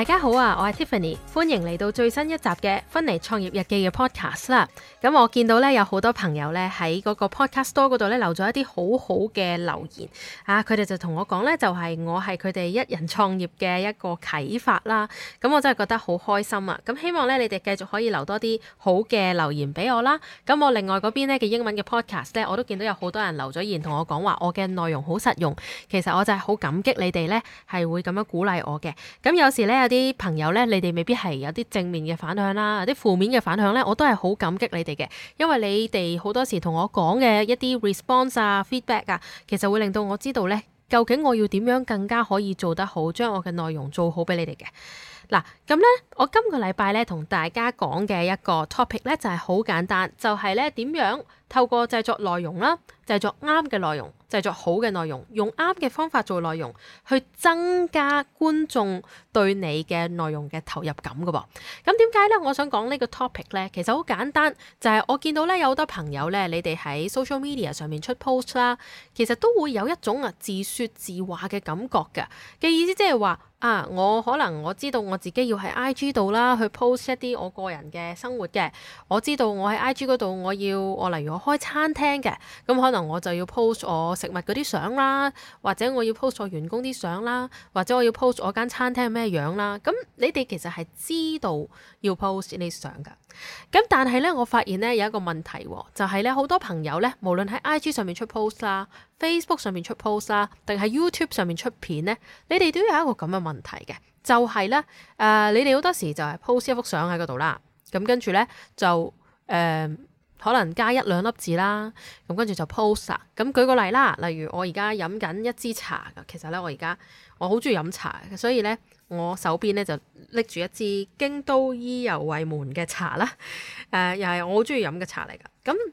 大家好啊，我係 Tiffany，歡迎嚟到最新一集嘅《芬妮創業日記》嘅 podcast 啦。咁我見到咧有好多朋友咧喺嗰個 podcast store 度咧留咗一啲好好嘅留言啊，佢哋就同我講咧，就係我係佢哋一人創業嘅一個啟發啦。咁我真係覺得好開心啊！咁希望咧你哋繼續可以留多啲好嘅留言俾我啦。咁我另外嗰邊呢嘅英文嘅 podcast 咧，我都見到有好多人留咗言，同我講話我嘅內容好實用。其實我就係好感激你哋咧，係會咁樣鼓勵我嘅。咁有時咧。啲朋友咧，你哋未必係有啲正面嘅反響啦，有啲負面嘅反響咧，我都係好感激你哋嘅，因為你哋好多時同我講嘅一啲 response 啊、feedback 啊，其實會令到我知道咧，究竟我要點樣更加可以做得好，將我嘅內容做好俾你哋嘅。嗱，咁咧，我今個禮拜咧同大家講嘅一個 topic 咧就係好簡單，就係咧點樣透過製作內容啦，製作啱嘅內容，製作好嘅內容，用啱嘅方法做內容，去增加觀眾對你嘅內容嘅投入感噶噃。咁點解咧？我想講呢個 topic 咧，其實好簡單，就係我見到咧有好多朋友咧，你哋喺 social media 上面出 post 啦，其實都會有一種啊自説自話嘅感覺嘅，嘅意思即係話。啊！我可能我知道我自己要喺 IG 度啦，去 post 一啲我個人嘅生活嘅。我知道我喺 IG 嗰度，我要我例如我開餐廳嘅，咁可能我就要 post 我食物嗰啲相啦，或者我要 post 我員工啲相啦，或者我要 post 我間餐廳咩樣啦。咁你哋其實係知道要 post 呢啲相㗎，咁但係咧，我發現咧有一個問題啊，就係咧好多朋友咧，無論喺 IG 上面出 post 啦、Facebook 上面出 post 啦、啊，定係 YouTube 上面出片呢？你哋都要有一個咁嘅問題嘅，就係、是、呢。誒、呃，你哋好多時就係 post 一幅相喺嗰度啦，咁、嗯、跟住呢，就誒、呃、可能加一兩粒字啦，咁、嗯、跟住就 post 啦、啊。咁、嗯、舉個例啦，例如我而家飲緊一支茶㗎，其實呢，我而家我好中意飲茶，所以呢，我手邊呢就拎住一支京都伊右衛門嘅茶啦，誒、嗯、又係我好中意飲嘅茶嚟噶，咁、嗯。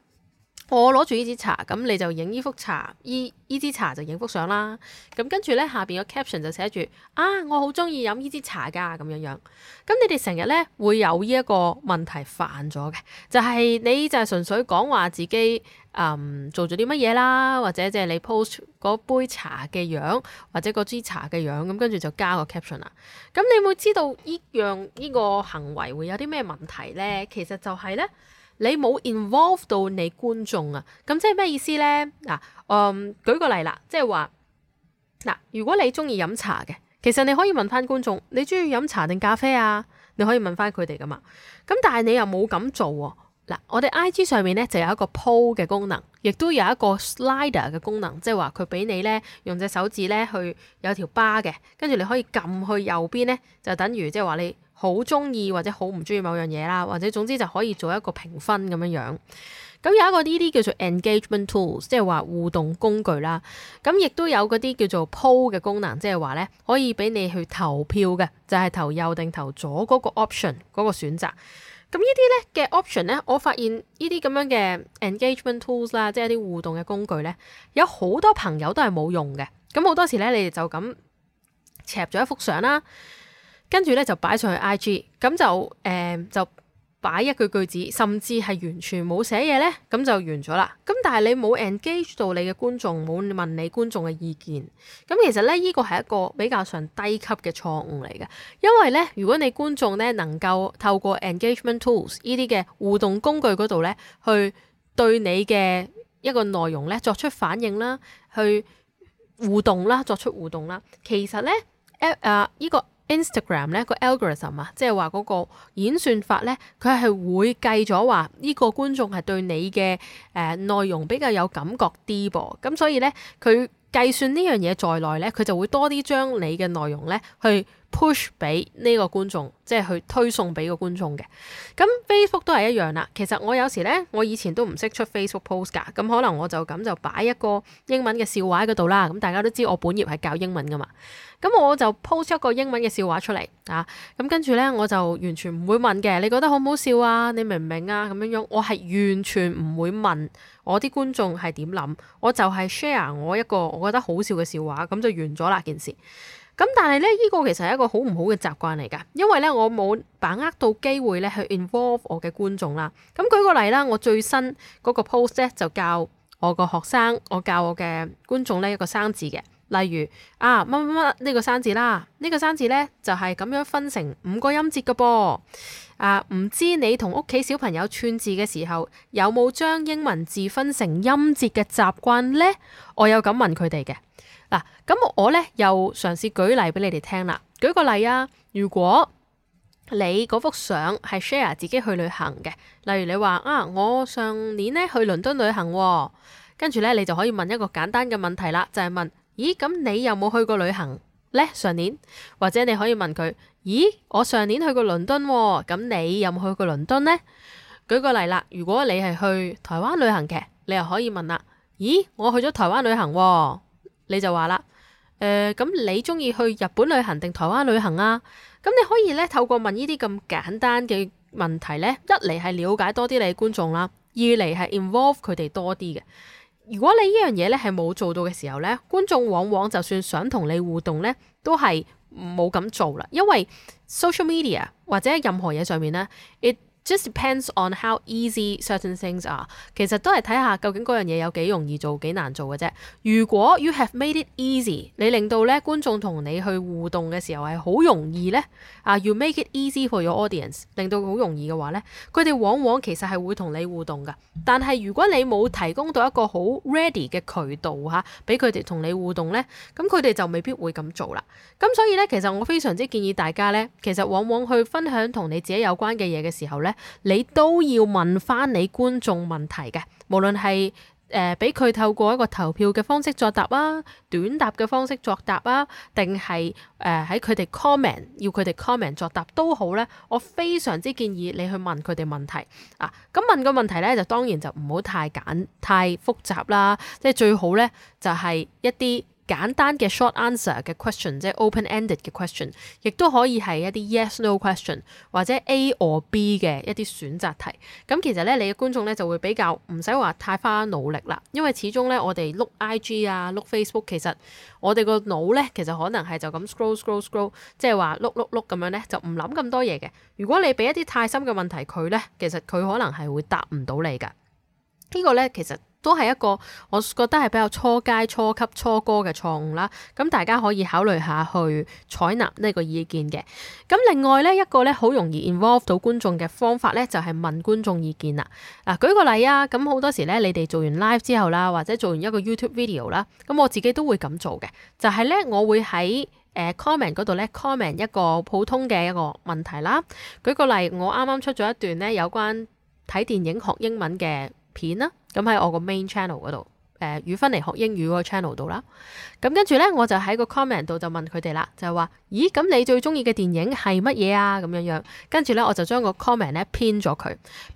我攞住呢支茶，咁你就影呢幅茶，依依支茶就影幅相啦。咁跟住咧，下邊個 caption 就寫住啊，我好中意飲依支茶噶，咁樣樣。咁你哋成日咧會有呢一個問題犯咗嘅，就係、是、你就係純粹講話自己，嗯，做咗啲乜嘢啦，或者即係你 post 嗰杯茶嘅樣，或者嗰支茶嘅樣，咁跟住就加個 caption 啦。咁你會知道依樣呢、呢個行為會有啲咩問題咧？其實就係咧。你冇 involve 到你觀眾啊？咁即係咩意思呢？嗱、啊，嗯，舉個例啦，即係話嗱，如果你中意飲茶嘅，其實你可以問翻觀眾，你中意飲茶定咖啡啊？你可以問翻佢哋噶嘛。咁但係你又冇咁做喎、啊。嗱、啊，我哋 I G 上面呢就有一個 poll 嘅功能，亦都有一個 slider 嘅功能，即係話佢俾你呢，用隻手指呢去有條 bar 嘅，跟住你可以撳去右邊呢，就等於即係話你好中意或者好唔中意某樣嘢啦，或者總之就可以做一個評分咁樣樣。咁有一個呢啲叫做 engagement tools，即係話互動工具啦。咁亦都有嗰啲叫做 poll 嘅功能，即係話呢可以俾你去投票嘅，就係投右定投左嗰個 option 嗰個選擇。咁呢啲呢嘅 option 呢，我發現呢啲咁樣嘅 engagement tools 啦，即係一啲互動嘅工具呢，有好多朋友都係冇用嘅。咁好多時呢，你哋就咁攝咗一幅相啦。跟住咧就擺上去 IG，咁就誒、呃、就擺一句句子，甚至係完全冇寫嘢咧，咁就完咗啦。咁但係你冇 engage 到你嘅觀眾，冇問你觀眾嘅意見。咁其實咧，呢、呢個係一個比較上低級嘅錯誤嚟嘅，因為咧，如果你觀眾咧能夠透過 engagement tools 呢啲嘅互動工具嗰度咧，去對你嘅一個內容咧作出反應啦，去互動啦，作出互動啦，其實咧誒依個。Instagram 咧個 algorithm 啊，即係話嗰個演算法咧，佢係會計咗話呢個觀眾係對你嘅誒、呃、內容比較有感覺啲噃，咁所以咧佢計算呢樣嘢在內咧，佢就會多啲將你嘅內容咧去。push 俾呢個觀眾，即係去推送俾個觀眾嘅。咁 Facebook 都係一樣啦。其實我有時呢，我以前都唔識出 Facebook post 㗎。咁可能我就咁就擺一個英文嘅笑話喺嗰度啦。咁大家都知我本業係教英文㗎嘛。咁我就 post 一個英文嘅笑話出嚟啊。咁跟住呢，我就完全唔會問嘅。你覺得好唔好笑啊？你明唔明啊？咁樣樣，我係完全唔會問我啲觀眾係點諗。我就係 share 我一個我覺得好笑嘅笑話，咁就完咗啦件事。咁但係咧，呢個其實係一個好唔好嘅習慣嚟㗎，因為咧我冇把握到機會咧去 involve 我嘅觀眾啦。咁舉個例啦，我最新嗰個 post 咧就教我個學生，我教我嘅觀眾咧一個生字嘅。例如啊乜乜乜呢個生字啦，呢個生字呢，就係咁樣分成五個音節嘅噃。啊，唔知你同屋企小朋友串字嘅時候有冇將英文字分成音節嘅習慣呢？我有咁問佢哋嘅。嗱，咁我呢，又嘗試舉例俾你哋聽啦。舉個例啊，如果你嗰幅相係 share 自己去旅行嘅，例如你話啊，我上年呢去倫敦旅行哦，跟住呢，你就可以問一個簡單嘅問題啦，就係問。咦，咁你有冇去過旅行呢？上年或者你可以問佢：咦，我上年去過倫敦喎，哦，咁你有冇去過倫敦呢？舉個例啦，如果你係去台灣旅行嘅，你又可以問啦：咦，我去咗台灣旅行，哦，你就話啦，誒、呃，咁你中意去日本旅行定台灣旅行啊？咁你可以咧透過問呢啲咁簡單嘅問題咧，一嚟係了解多啲你觀眾啦，二嚟係 involve 佢哋多啲嘅。如果你呢樣嘢咧係冇做到嘅時候咧，觀眾往往就算想同你互動咧，都係冇咁做啦，因為 social media 或者任何嘢上面咧，it Just depends on how easy certain things are。其實都係睇下究竟嗰樣嘢有幾容易做，幾難做嘅啫。如果 you have made it easy，你令到咧觀眾同你去互動嘅時候係好容易咧，啊、uh，you make it easy for your audience，令到好容易嘅話咧，佢哋往往其實係會同你互動㗎。但係如果你冇提供到一個好 ready 嘅渠道吓，俾佢哋同你互動呢，咁佢哋就未必會咁做啦。咁所以呢，其實我非常之建議大家呢，其實往往去分享同你自己有關嘅嘢嘅時候呢。你都要問翻你觀眾問題嘅，無論係誒俾佢透過一個投票嘅方式作答啊，短答嘅方式作答啊，定係誒喺佢哋 comment 要佢哋 comment 作答都好咧。我非常之建議你去問佢哋問題啊。咁問個問題咧，就當然就唔好太簡太複雜啦，即係最好咧就係一啲。簡單嘅 short answer 嘅 question，即係 open ended 嘅 question，亦都可以係一啲 yes no question 或者 A 或 B 嘅一啲選擇題。咁其實咧，你嘅觀眾咧就會比較唔使話太花努力啦，因為始終咧我哋碌 IG 啊，碌 Facebook，其實我哋個腦咧其實可能係就咁 scroll scroll scroll，即係話碌碌碌咁樣咧就唔諗咁多嘢嘅。如果你俾一啲太深嘅問題佢咧，其實佢可能係會答唔到你㗎。這個、呢個咧其實～都係一個，我覺得係比較初階、初級、初哥嘅錯誤啦。咁、嗯、大家可以考慮下去採納呢個意見嘅。咁、嗯、另外呢一個呢，好容易 involve 到觀眾嘅方法呢，就係、是、問觀眾意見啦。嗱、啊，舉個例啊，咁、嗯、好多時呢，你哋做完 live 之後啦，或者做完一個 YouTube video 啦，咁、嗯、我自己都會咁做嘅，就係、是、呢，我會喺誒、呃、comment 嗰度呢 comment 一個普通嘅一個問題啦。舉個例，我啱啱出咗一段呢有關睇電影學英文嘅片啦、啊。咁喺我個 main channel 嗰度，誒、呃、語芬嚟學英語個 channel 度啦。咁跟住咧，我就喺個 comment 度就問佢哋啦，就係話：咦，咁、嗯、你最中意嘅電影係乜嘢啊？咁樣樣。跟住咧，我就將個 comment 咧編咗佢，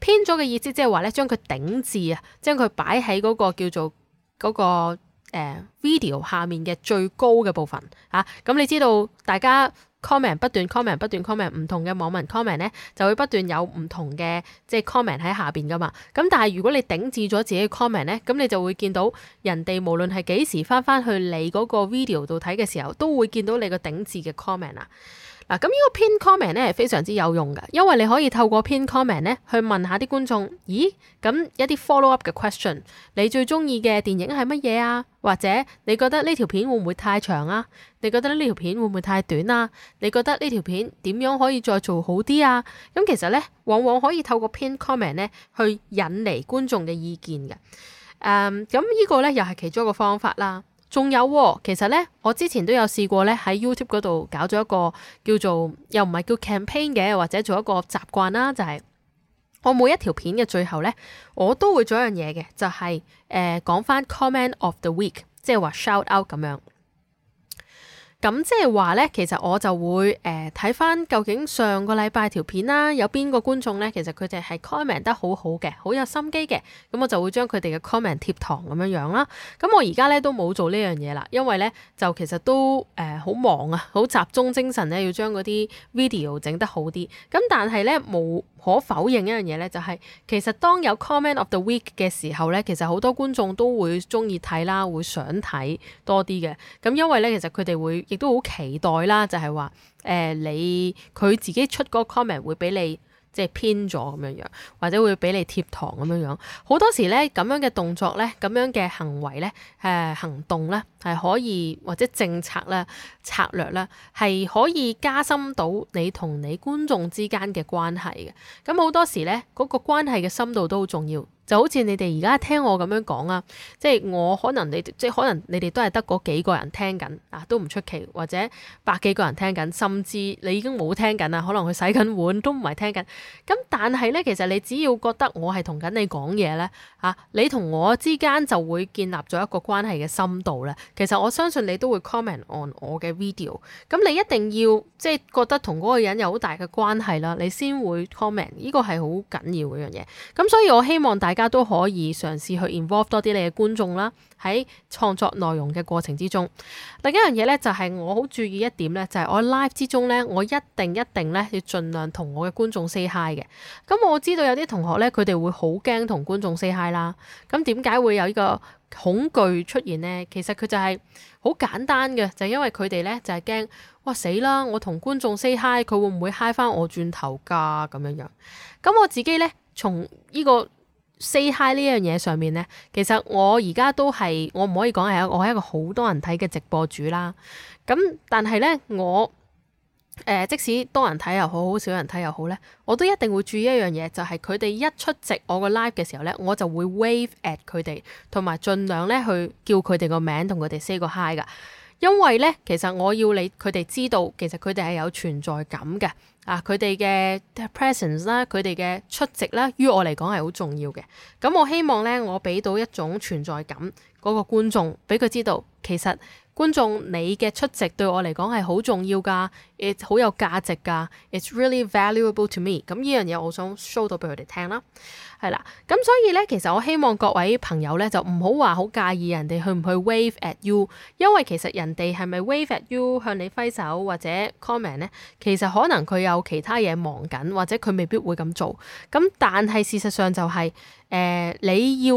編咗嘅意思即係話咧，將佢頂置，啊，將佢擺喺嗰個叫做嗰、嗰個。誒、呃、video 下面嘅最高嘅部分吓，咁、啊、你知道大家 comment 不斷 comment 不斷 comment 唔同嘅網民 comment 咧，就會不斷有唔同嘅即係 comment 喺下邊噶嘛。咁但係如果你頂置咗自己嘅 comment 咧，咁你就會見到人哋無論係幾時返返去你嗰個 video 度睇嘅時候，都會見到你個頂置嘅 comment 啊。嗱，咁呢個 pin comment 咧係非常之有用嘅，因為你可以透過 pin comment 咧去問下啲觀眾，咦，咁一啲 follow up 嘅 question，你最中意嘅電影係乜嘢啊？或者你覺得呢條片會唔會太長啊？你覺得呢條片會唔會太短啊？你覺得呢條片點樣可以再做好啲啊？咁其實咧，往往可以透過 pin comment 咧去引嚟觀眾嘅意見嘅，誒、嗯，咁呢個咧又係其中一個方法啦。仲有喎、哦，其實呢，我之前都有試過呢，喺 YouTube 度搞咗一個叫做，又唔係叫 campaign 嘅，或者做一個習慣啦，就係、是、我每一條片嘅最後呢，我都會做一樣嘢嘅，就係、是、誒、呃、講翻 comment of the week，即係話 shout out 咁樣。咁即係話呢，其實我就會誒睇返究竟上個禮拜條片啦，有邊個觀眾呢？其實佢哋係 comment 得好好嘅，好有心機嘅。咁我就會將佢哋嘅 comment 貼堂咁樣樣啦。咁我而家呢都冇做呢樣嘢啦，因為呢就其實都誒好、呃、忙啊，好集中精神呢要將嗰啲 video 整得好啲。咁但係呢，無可否認一樣嘢呢，就係、是、其實當有 comment of the week 嘅時候呢，其實好多觀眾都會中意睇啦，會想睇多啲嘅。咁因為呢，其實佢哋會。亦都好期待啦，就係話誒你佢自己出嗰個 comment 會俾你即係偏咗咁樣樣，或者會俾你貼堂咁樣樣。好多時咧咁樣嘅動作咧，咁樣嘅行為咧，誒、呃、行動咧。係可以或者政策啦、策略啦，係可以加深到你同你觀眾之間嘅關係嘅。咁好多時呢，嗰個關係嘅深度都好重要。就好似你哋而家聽我咁樣講啊，即係我可能你即係可能你哋都係得嗰幾個人聽緊啊，都唔出奇。或者百幾個人聽緊，甚至你已經冇聽緊啦，可能佢洗緊碗都唔係聽緊。咁但係呢，其實你只要覺得我係同緊你講嘢呢，啊，你同我之間就會建立咗一個關係嘅深度啦。其實我相信你都會 comment on 我嘅 video，咁你一定要即係、就是、覺得同嗰個人有好大嘅關係啦，你先會 comment，呢個係好緊要嘅樣嘢。咁所以我希望大家都可以嘗試去 involve 多啲你嘅觀眾啦。喺創作內容嘅過程之中，另一樣嘢咧就係、是、我好注意一點咧，就係、是、我 live 之中咧，我一定一定咧要盡量我、嗯、我同我嘅觀眾 say hi 嘅。咁我知道有啲同學咧，佢哋會好驚同觀眾 say hi 啦。咁點解會有呢個恐懼出現呢？其實佢就係好簡單嘅，就是、因為佢哋咧就係、是、驚，哇死啦！我同觀眾 say hi，佢會唔會 hi 翻我轉頭噶咁樣樣？咁、嗯、我自己咧，從呢、這個。Say hi 呢樣嘢上面呢，其實我而家都係我唔可以講係我係一個好多人睇嘅直播主啦。咁但係呢，我誒即使多人睇又好，好少人睇又好呢，我都一定會注意一樣嘢，就係佢哋一出席我個 live 嘅時候呢，我就會 wave at 佢哋，同埋盡量呢去叫佢哋個名，同佢哋 say 個 hi 㗎。因為咧，其實我要你佢哋知道，其實佢哋係有存在感嘅。啊，佢哋嘅 presence 啦、啊，佢哋嘅出席啦，於我嚟講係好重要嘅。咁我希望咧，我俾到一種存在感，嗰個觀眾俾佢知道，其實。觀眾，你嘅出席對我嚟講係好重要㗎，it's 好有價值㗎，it's really valuable to me。咁呢樣嘢我想 show 到俾佢哋聽啦，係啦。咁所以咧，其實我希望各位朋友咧就唔好話好介意人哋去唔去 wave at you，因為其實人哋係咪 wave at you 向你揮手或者 comment 咧，其實可能佢有其他嘢忙緊，或者佢未必會咁做。咁但係事實上就係、是，誒、呃、你要。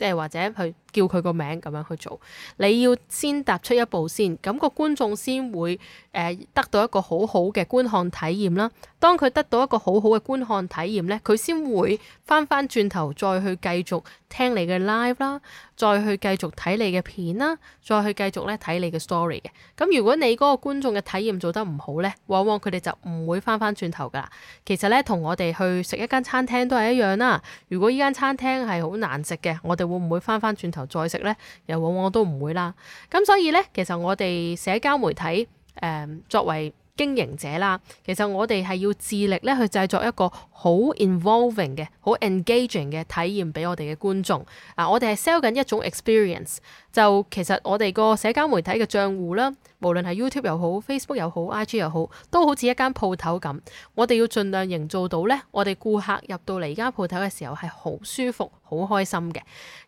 即係或者去叫佢個名咁樣去做，你要先踏出一步先，咁個觀眾先會誒得到一個好好嘅觀看體驗啦。當佢得到一個好好嘅觀看體驗咧，佢先會翻翻轉頭再去繼續聽你嘅 live 啦，再去繼續睇你嘅片啦，再去繼續咧睇你嘅 story 嘅。咁如果你嗰個觀眾嘅體驗做得唔好咧，往往佢哋就唔會翻翻轉頭噶啦。其實咧，同我哋去食一間餐廳都係一樣啦。如果依間餐廳係好難食嘅，我哋，會唔會翻翻轉頭再食咧？又往往都唔會啦。咁所以咧，其實我哋社交媒體誒、嗯，作為。經營者啦，其實我哋係要致力咧去製作一個好 involving 嘅、好 engaging 嘅體驗俾我哋嘅觀眾。啊，我哋係 sell 緊一種 experience。就其實我哋個社交媒體嘅賬戶啦，無論係 YouTube 又好、Facebook 又好、IG 又好，都好似一間鋪頭咁。我哋要盡量營造到呢，我哋顧客入到嚟間鋪頭嘅時候係好舒服、好開心嘅。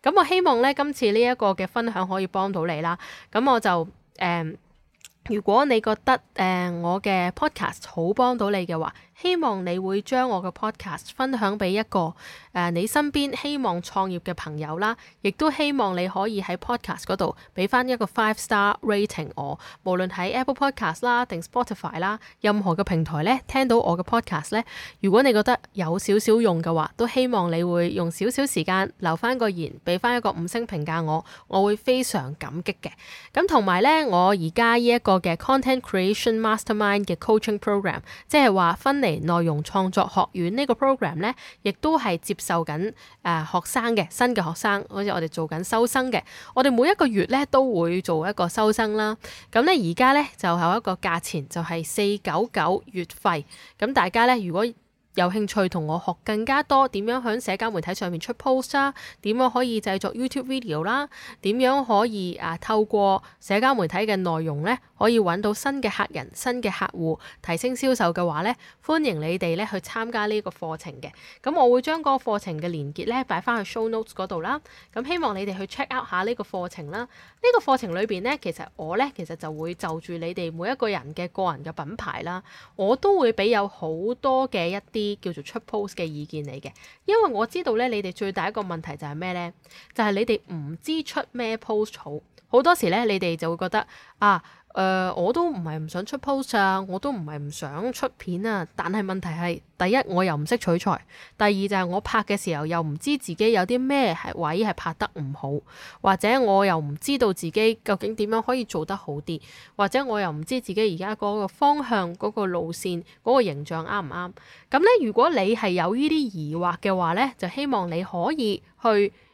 咁、嗯、我希望呢，今次呢一個嘅分享可以幫到你啦。咁、嗯、我就誒。嗯如果你覺得誒、uh, 我嘅 podcast 好幫到你嘅話，希望你會將我嘅 podcast 分享俾一個誒、呃、你身邊希望創業嘅朋友啦，亦都希望你可以喺 podcast 嗰度俾翻一個 five star rating 我，無論喺 Apple Podcast 啦定 Spotify 啦，任何嘅平台咧聽到我嘅 podcast 咧，如果你覺得有少少用嘅話，都希望你會用少少時間留翻個言，俾翻一個五星評價我，我會非常感激嘅。咁同埋咧，我而家呢一個嘅 content creation mastermind 嘅 coaching program，即係話分嚟內容創作學院呢個 program 咧，亦都係接受緊誒、呃、學生嘅新嘅學生，好似我哋做緊收生嘅，我哋每一個月咧都會做一個收生啦。咁咧而家咧就有一個價錢，就係四九九月費。咁、嗯、大家咧如果，有興趣同我學更加多點樣喺社交媒體上面出 post 啊，點樣可以製作 YouTube video 啦，點樣可以啊透過社交媒體嘅內容呢，可以揾到新嘅客人、新嘅客戶，提升銷售嘅話呢，歡迎你哋呢去參加呢個課程嘅。咁我會將嗰個課程嘅連結呢，擺翻去 Show Notes 嗰度啦。咁希望你哋去 check out 下呢個課程啦。呢個課程裏邊呢，其實我呢，其實就會就住你哋每一個人嘅個人嘅品牌啦，我都會俾有好多嘅一啲。啲叫做出 post 嘅意見嚟嘅，因為我知道咧，你哋最大一個問題就係咩咧？就係、是、你哋唔知出咩 post 好，好多時咧，你哋就會覺得啊。誒、呃，我都唔係唔想出 post 啊，我都唔係唔想出片啊。但係問題係，第一我又唔識取材，第二就係我拍嘅時候又唔知自己有啲咩位係拍得唔好，或者我又唔知道自己究竟點樣可以做得好啲，或者我又唔知自己而家嗰個方向、嗰個路線、嗰個形象啱唔啱。咁咧，如果你係有呢啲疑惑嘅話咧，就希望你可以去。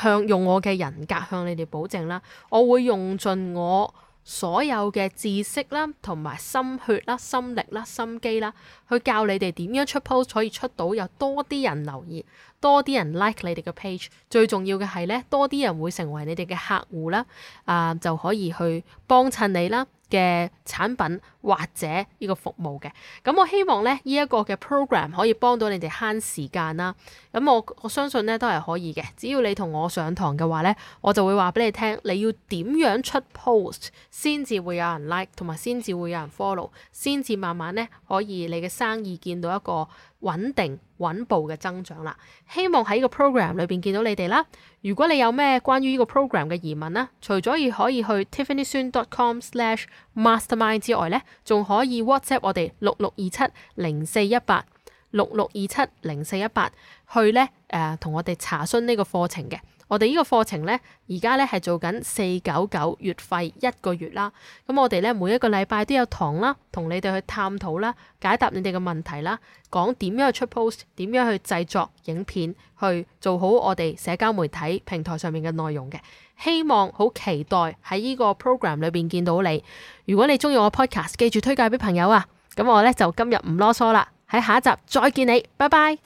向用我嘅人格向你哋保證啦，我會用盡我所有嘅知識啦，同埋心血啦、心力啦、心機啦，去教你哋點樣出 post 可以出到有多啲人留言，多啲人 like 你哋嘅 page，最重要嘅係咧多啲人會成為你哋嘅客戶啦，啊、呃、就可以去幫襯你啦。嘅產品或者呢個服務嘅，咁我希望咧呢一個嘅 program 可以幫到你哋慳時間啦。咁我我相信咧都係可以嘅，只要你同我上堂嘅話咧，我就會話俾你聽，你要點樣出 post 先至會有人 like，同埋先至會有人 follow，先至慢慢咧可以你嘅生意見到一個。穩定穩步嘅增長啦，希望喺呢個 program 裏邊見到你哋啦。如果你有咩關於呢個 program 嘅疑問啦，除咗要可以去 tiffanysoon.com/mastermind 之外咧，仲可以 WhatsApp 我哋六六二七零四一八六六二七零四一八去咧，誒、呃、同我哋查詢呢個課程嘅。我哋呢個課程呢，而家呢係做緊四九九月費一個月啦。咁我哋呢，每一個禮拜都有堂啦，同你哋去探討啦，解答你哋嘅問題啦，講點樣去出 post，點樣去製作影片，去做好我哋社交媒體平台上面嘅內容嘅。希望好期待喺呢個 program 裏邊見到你。如果你中意我嘅 podcast，記住推介俾朋友啊。咁我呢，就今日唔囉嗦啦，喺下一集再見你，拜拜。